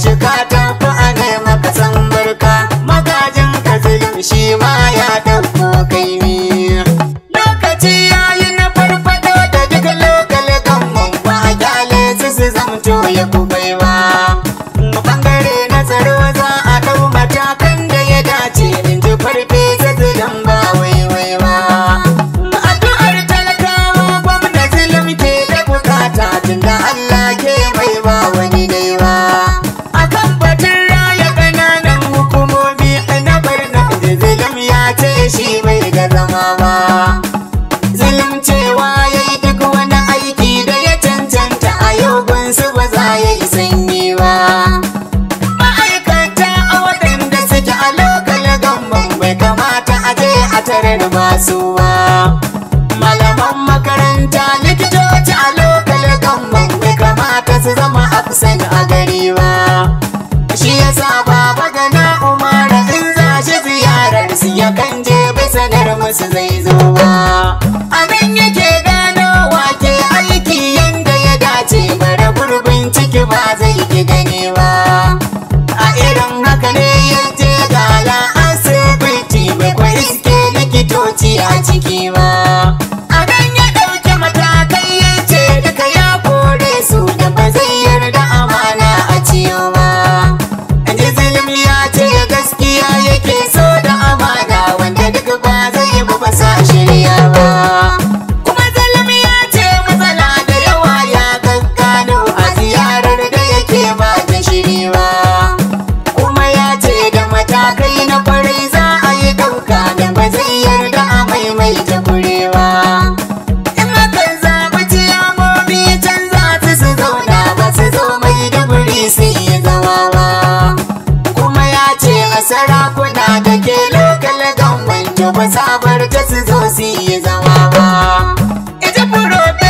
shiga zalimcewa ya yi duk wani aiki da ya cancanta a yau gunsu ba za ya yi sanyi ba ma'aikata a waɗanda suke a lokal gamban bai kamata a je a tarar masu ba malaman makaranta likitoci a lokal gamban bai kamata su zama afsan a gari ba shi yasa baba gana umara in za shi ziyarar su ya kan je sadar musu zai zo ba abin yake sarakuna da ke lokal gamban ba sabar su zo su yi zama ba. Ita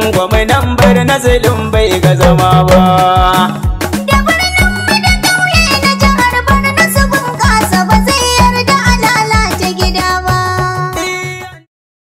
gwamnan bar nazilin bai ga zama ba